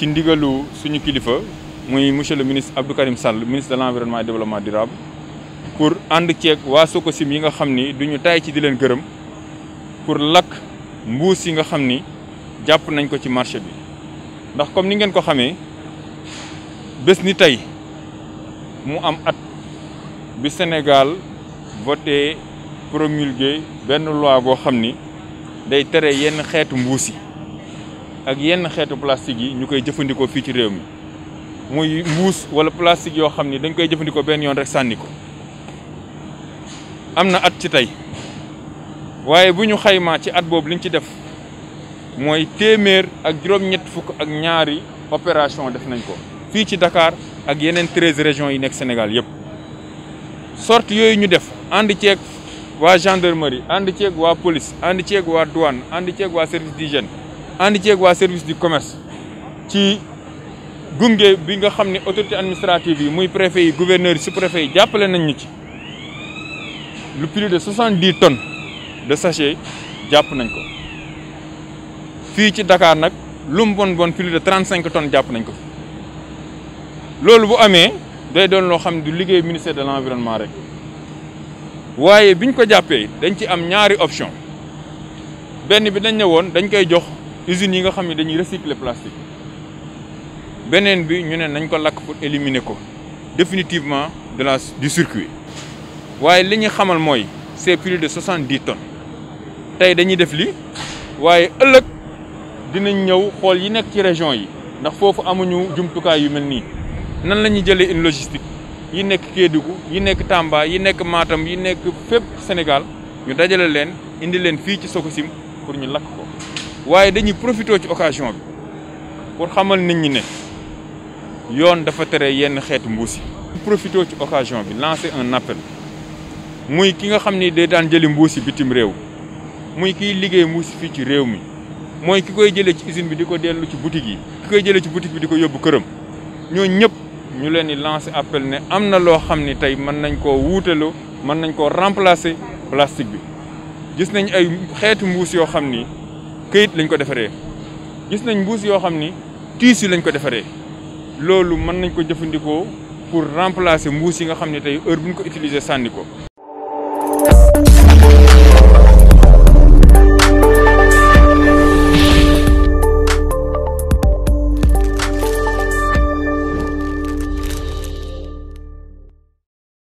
ci ndigalu suñu kilifa muy monsieur le ministre Abdou Karim Sall ministre de l' environnement et pour ànd ceeg waa Sococim yi nga xam ni duñu tay ci di leen gërëm pour lakk mbuus yi nga xam ni jàpp nañ ko ci marché bi ndax comme ni ngeen ko xamee bés ni tey mu am at bi Sénégal voté promulgué benn loi boo xam ni day tere yenn xeetu mbuus yi ak yenn xeetu plastique yi ñu koy jëfandikoo fii ci réew mi muy mbuus wala plastique yoo xam ni dañ koy jëfandikoo benn yoon rek sànni ko am na at ci tey waaye bu ñu xaymaa ci at boobu liñ ci def mooy téeméer ak juróom-ñett fukk ak ñaari opération def nañ ko fii ci Dakar ak yeneen treize régions yi nekk Sénégal yëpp sorte yooyu ñu def ànd ceeg waa gendarmerie ànd ceeg waa polis ànd ceeg waa douane ànd ceeg waa service d'hygiène ànd ceeg waa service du commerce ci gunge bi nga xam ne autorité administrative yi muy préfet yi gouverneur yi sous-préfet yi jàppale nañ ñu ci lu plus de soixante-dix tonnes de sachet jàpp nañ ko fii ci Dakar nag lu mu bon bon plus de trente-cinq tonnes jàpp nañ ko fi loolu bu amee day doon loo xam ne du liggéey ministère de l'environnement rek waaye biñ ko jàppee dañ ci am ñaari option benn bi dañ ne woon dañ koy jox usine yi nga xam ne dañuy recycler plastique beneen bi ñu ne nañ ko lakk pour éliminer ko définitivement de la du circuit waaye li ñu xamal mooy c'est plus de 70 tonnes tey dañuy def li waaye ëllëg dinañ ñëw xool yi nekk ci région yi ndax foofu amuñu jumtukaay yu mel nii nan la ñuy jëlee une logistique yi nekk Kédougou yi nekk Tamba yi nekk Matam yi nekk fépp Sénégal ñu dajale leen indi leen fii ci Sococim pour ñu lakk ko waaye dañuy profité ci occasion bi pour xamal nit ñi ne yoon dafa tere yenn xeetu mbuus yi. profité ci occasion bi lancer un appel muy ki nga xam ni day daan jëli mbuus yi bitim réew muy kii liggéey mbuus yi fii ci réew mi mooy ki koy jëlee ci usine bi di ko dellu ci boutique yi. ki koy jëlee ci boutique bi di ko yóbbu këram ñoo ñëpp ñu leen di lancer appel ne am na loo xam ni tey mën nañ koo wuutaloo mën nañ koo remplacer plastique bi gis nañ ay xeetu mbuus yoo xam ni. këyit lañ ko defaree gis nañ mbuus yoo xam ni tissu lañ ko defaree loolu mën nañ ko jëfandikoo pour remplacer mbuus yi nga xam ne tey heure bu ñu ko utiliser sànni ko.